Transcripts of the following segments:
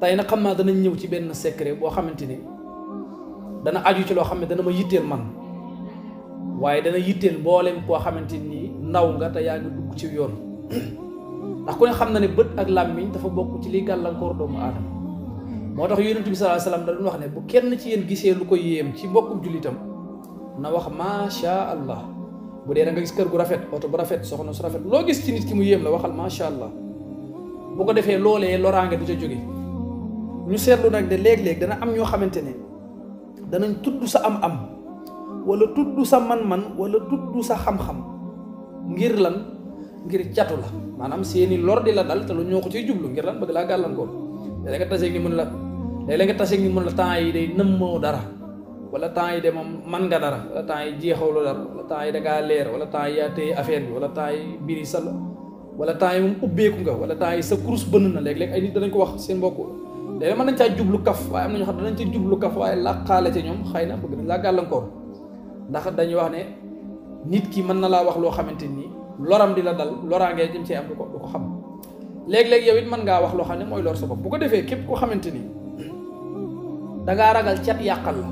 tey nag xam naa danañ ñëw ci benn secret boo xamante ni dana aju ci loo xam ne dana ma yitteel man waaye dana yitteel mboolem koo xamante ni ndaw nga te yaa ngi dugg ci yoon ndax ku ne xam na ne bët ak làmmiñ dafa bokk ci liy gàllankoor doomu aadama moo tax yonent bi sallallahu alayhi wasallam wax ne bu kenn ci yéen gisee lu ko yéem ci mbokkum jullitam na wax macha allah bu dee da gis kër gu rafet oto bu rafet soxna su rafet loo gis ci nit ki mu yéem la waxal macha allah bu ko defee loolee loraange du ca jóge ñu seetlu nag de léeg-léeg dana am ñoo xamante ne danañ tudd sa am-am wala tudd sa man-man wala tudd sa xam-xam ngir lan ngir catu la maanaam seeni lor di la dal te lu ñoo ko ciy jublu ngir lan bëgg laa gàllankoor ko léeg nga taseeg ni mën la léeg nga ni mën la temps yi day nëmmoo dara wala temps yi de man nga dara wala temps yi lu dara wala temps yi da ngaa leer wala temps yi yaa téye affaire bi wala temps yi biri sa wala temps yi moom ubbeeku nga wala temps yi sa kurus bënn na léeg-léeg ay nit danañ ko wax seen mbokk léegi mën nañ caa jublu kaf waaye xam ne danañ ca jublu kaf waaye làqaale ñoom xëy na bëgg nañ laa gàllankoor ndax dañuy wax ne nit ki mën na laa wax loo xamante ni loram di la dal loraangee jëm cee am du ko du xam léeg-léeg yow mën ngaa wax loo xam ne mooy lor sa bopp bu ko defee képp koo xamante ni dangaa ragal cat yàqal la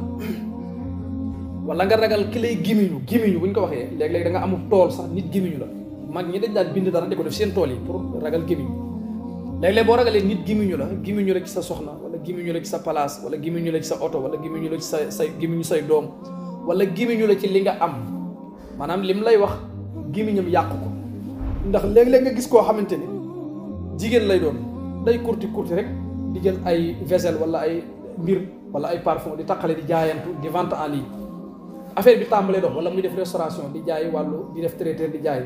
wala nga ragal ki lay gimiñu gimiñu bu ñu ko waxee léeg-léeg da nga amul tool sax nit gimiñu la mag ñi dañ daan bind dara di ko def seen tool yi pour ragal gimiñu léeg-léeg boo ragalee nit gimiñu la gémmiñu la ci sa soxna wala gimiñu la ci sa palaas wala gimiñu la sa oto wala gémmiñu la ci sa say gimiñu say doom wala gimiñu la ci li nga am maanaam lim lay wax gimiñam yàq ndax léeg-léeg nga gis koo xamante ni jigéen lay doon day kurti kurti rek di jël ay vaisselle wala ay mbir wala ay parfum di taqale di jaayantu di vente en ligne affaire bi tàmbalee dox wala muy def restauration di jaay wàllu di def traiteur di jaay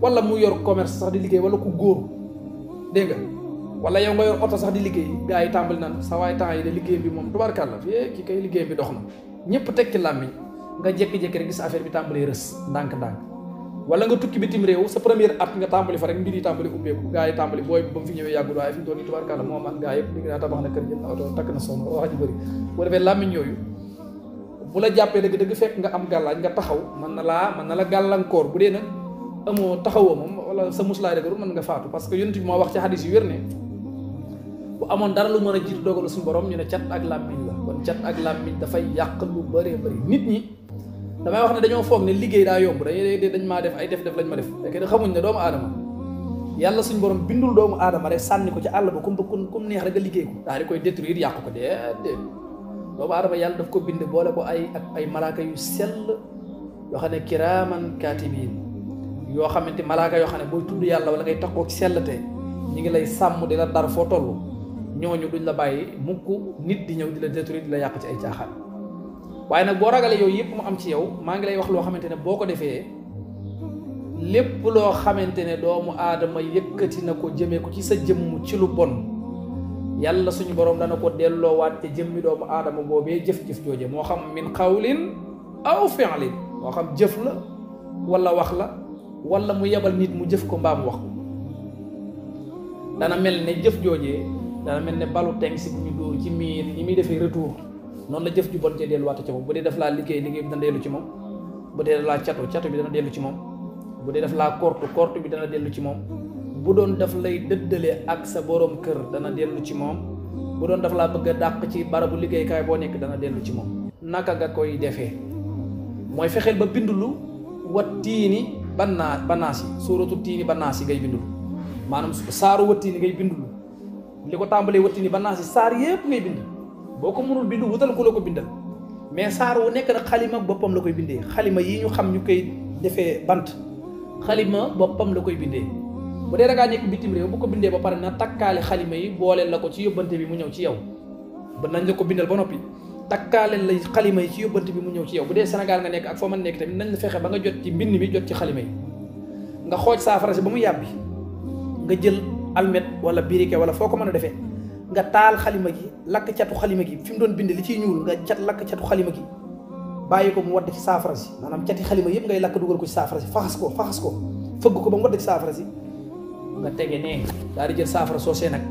wala mu yor commerce sax di liggéey wala ku góor dégg wala yow nga yor auto sax di liggéey gars yi tàmbali nan sa waay temps yi de liggéey bi moom tubaarkàlla fi eh, ki kay liggéey bi dox na ñëpp teg ci làmmiñ nga jékki-jékki rek gis affaire bi tàmbalee rës ndànk-ndànk wala nga tukki bitim réew sa premier at nga tàmbali fa rek mbir yi tàmbali ubbeeku gars yi tàmbali booy ba mu fi ñëwee yàggul waaye fi doon toll nii tubaarkàlla moom ak gars yëpp dégg naa tabax na kër jël na oto takk na soxna wax ji bëri bu defee làmmiñ yooyu bu la jàppee dëgg-dëgg fekk nga am gàllaaj nga taxaw man na laa man na la gàllankoor bu dee nag amoo taxawoo moom wala sa muslaay rek man nga faatu parce que yonent bi moo wax ci xadis yi wér ne bu amon dara lu meuna a dogal dogalu suñu borom ñu ne chat ak lamine la kon chat ak da fay yaq lu bëree bëri nit ñi damay wax ne dañoo fogg ne liggey da yomb lay dañ ma def ay def def lañ ma def fekk xamuñ ne doomu aadama yalla suñ borom bindul doomu aadama rek sanni ko ci àll ba kum kum neex rek liggey ko da rek koy détruire yaq ko déedéet doomu aadama yalla daf ko bind boole ko ay ak ay malaaka yu sel yo xane kiraman katibin yo xamanteni malaaka yo xane boy tuddu yalla wala ngay takko ci selate ñi ngi lay sam di la dar fo tollu ñooñu duñ la bàyyi mukk nit di ñëw di la détruire di la yàq ci ay caaxaan waaye nag boo ragalee yooyu yëpp mu am ci yow maa ngi lay wax loo xamante ne boo ko defee lépp loo xamante ne doomu aadama yëkkati na ko jëmee ko ci sa jëmm ci lu bon yàlla suñu borom dana ko delloowaat te jëmmi doomu aadama boobee jëf-jëf jooje moo xam min xawlin aw fi'lin moo xam jëf la wala wax la wala mu yebal nit mu jëf ko mbaam wax ko dana mel ne jëf joojee dana mel ne balu teng si bu ñu dóor ci miir ñi muy defee retour noonu la jëf ju bon dellu delluwaat ca moom bu dee daf laa liggéey liggéey bi dana dellu ci moom bu dee daf laa catu catu bi dana dellu ci moom bu dee daf laa kortu kortu bi dana dellu ci moom bu doon daf lay dëddale ak sa borom kër dana dellu ci moom bu doon daf laa bëgg a dàq ci barabu liggéeykaay boo nekk dana dellu ci moom naka nga koy defee mooy fexeel ba bindulu wa tiini banaa banaasi suuratu tiini banaasi ngay bindulu maanaam saaru wa tiini ngay bindulu li ko tàmbalee watti ni ba naa si saar yëpp ngay bind boo ko mënul bind wutal ko la ko bindal mais saar wu nekk nag xalima boppam la koy bindee xalima yi ñu xam ñu koy defee bant xalima boppam la koy bindee bu dee dangaa nekk bitim réew bu ko bindee ba pare na takkaale xalima yi booleel la ko ci yóbbante bi mu ñëw ci yow ba nañ la ko bindal ba noppi takkaaleel la xalima yi ci yóbbante bi mu ñëw ci yow bu dee senegal nga nekk ak foo mën nekk tamit nañ la fexe ba nga jot ci mbind mi jot ci xalima yi nga xooj saafara si ba mu yàbbi nga almet wala briquet wala foo ko mën a defee nga taal xalima gi lakk catu xalima gi fi mu doon bind li ciy ñuul nga cat lakk catu xalima gi bàyyi ko mu wadd ci saafara si maanaam cati xalima yëpp ngay lakk dugal ko ci saafara si faxas ko faxas ko fëgg ko ba mu wadd ci saafara si nga tege nee daal di jël saafara soosee nag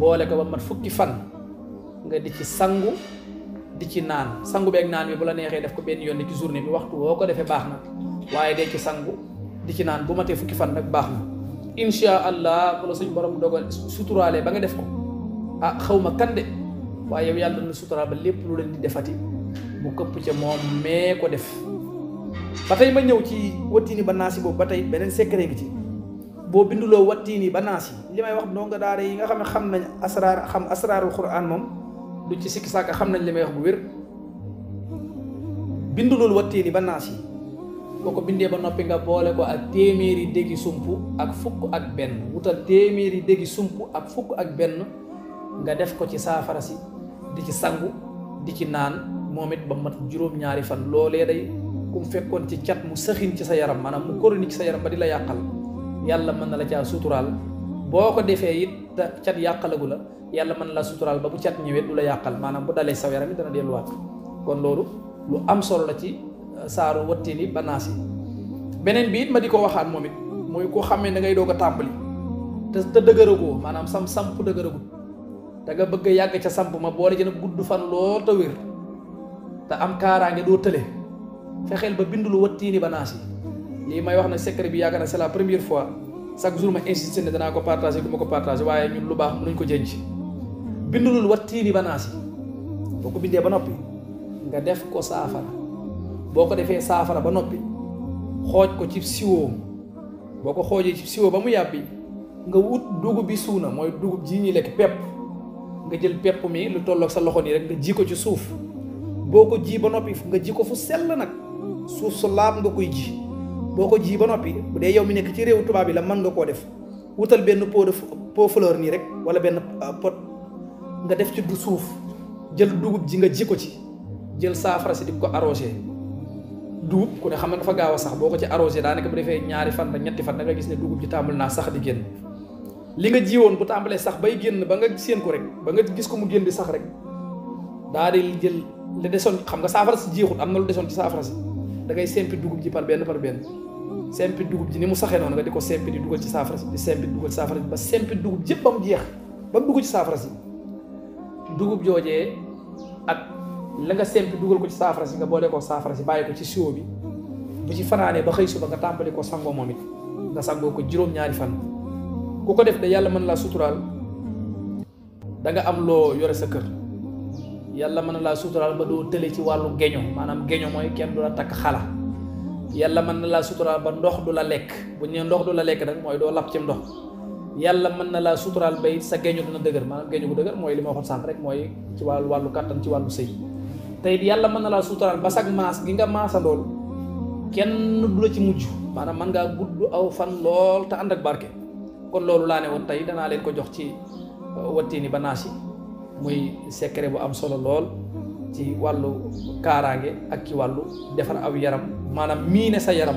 boole ko ba mat fukki fan nga di ci sangu di ci naan sangu beeg naan bi bu la neexee def ko benn yoon ci journée bi waxtu woo ko defee baax na waaye dee ci sangu di ci naan bu matee fukki fan nag baax insha allah bu la suñ borom dogal suturaalee ba nga def ko ah xaw ma kan de waaye yow yàlla na suturaal ba lépp lu leen di defati mu këpp ca moom mee ko def ba tey ma ñëw ci wattiini ba naasi boobu ba tey beneen secret ngi ci boo binduloo wattiini ba naasi li may wax ndongo daara yi nga xam ne xam nañ asraar xam asraarul quraan moom du ci sikki sàkk xam nañ li may wax bu wér bindulul wattiini ba naasi koko binde noppi nga boole ko ak téméri dégi sumpu ak fukk ak benn wutal téméri dégi sumpu ak fukk ak benn nga def ko ci saafara si di ci sangu di ci naan momit ba mat juróom-ñaari fan loolee day kum fekkon ci chat mu sëxin ci sa yaram manam mu koroni ci sa yaram ba di la yàqal yàlla mën na la ca sutural boo ko defee it chat yàqalagu la yàlla mën la sutural ba bu chat ñëwee du la yàqal bu dalee sa yaram dana delu kon loolu lu am solo la ci saaru wattini banaasi beneen bi ma di ko waxaat moom it mooy ko xam ne da ngay doog a tàmbali te te dëgëragoo maanaam sam samp dëgëragul da nga bëgg a yàgg ca samp ma boo ci nag gudd fan lool te wér te am kaaraange doo tële fexeel ba bindulu wattiini banaasi lii may wax na secret bi yaakaar na c'est la première fois chaque jour ma insisté ne danaa ko partagé du ma ko partagé waaye ñun lu baax mënuñ ko jënj bindulul wattiini banaasi boo ko bindee ba noppi nga def ko saafara boko defé safara saafara ba nopi xoj ko ci siwo boko xojé ci siwo ba mu yabbi nga wut dugu bi suuna moy dugu ji ñi lek pep nga jël pep mi lu tollok sa loxo ni rek nga jiko ci suuf boko ji ba nopi nga jiko fu sel nak suuf su laab nga koy ji boko ji ba nopi bu dé yow mi nek ci réew tuba bi la man nga koo def wutal ben pot de pot fleur ni rek wala ben ah, pot nga def ci du suuf jël dugub ji nga jiko ci jël saafara ci di ko dugub ku ne xam dafa gawa sax boko ci arroser da naka bu defé ñaari fan ba ñetti fan da nga gis ne dugub ji tàmbali na sax di genn li nga jiwon bu tambalé sax bay genn ba nga séen ko rek ba nga gis ko mu genn di sax rek da di jël le desoon xam nga safara si jeexut amna lu deson ci safara si da ngay sempi dugub ji par ben par ben sempi dugub ji ni mu saxé non nga di ko sempi di dugal ci safara si di sempi dugal ci saafara si ba sempi dugub jëpp bam jeex ba mu ci safara ci dugub jojé ak la nga sempi dugal ko ci safara ci nga boole ko safara si bàyyi ko ci siwo bi bu ci fanane ba xëy suba nga tambali ko sango momit nga ko juróom-ñaari fan ku ko def de yalla man la sutural da nga am lo yore sa kër yalla man la sutural ba do tele ci walu geño manam geño moy kenn dula tak xala yalla man la sutural ba ndox dula lek bu ñe ndox dula lek nak moy do lap ci ndox yalla man la sutural sa geño dina deugar manam geño bu deugar moy li ma waxoon rek moy ci walu walu katan ci walu sey tey yàlla mën na laa suutaraal ba sag maas gi nga maasandool kenn du la ci mujj maanaam man ngaa gudd aw fan lool te ànd ak barke kon loolu laa ne woon tey danaa leen ko jox ci uh, wattiini ba naas yi muy secret bu am solo lool ci wàllu kaaraange ak ci wàllu defar aw yaram maanaam miine sa yaram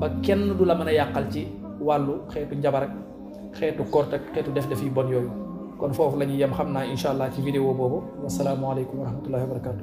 ba kenn du la mën a yàqal ci wàllu xeetu njabar xeetu kort xeetu def-def yu bon yooyu kon fofu lañuy yam xamna inshallah naa incha allah ci vidéo boobu wasalaamualeykum wa rahmatullahi wa barakatuh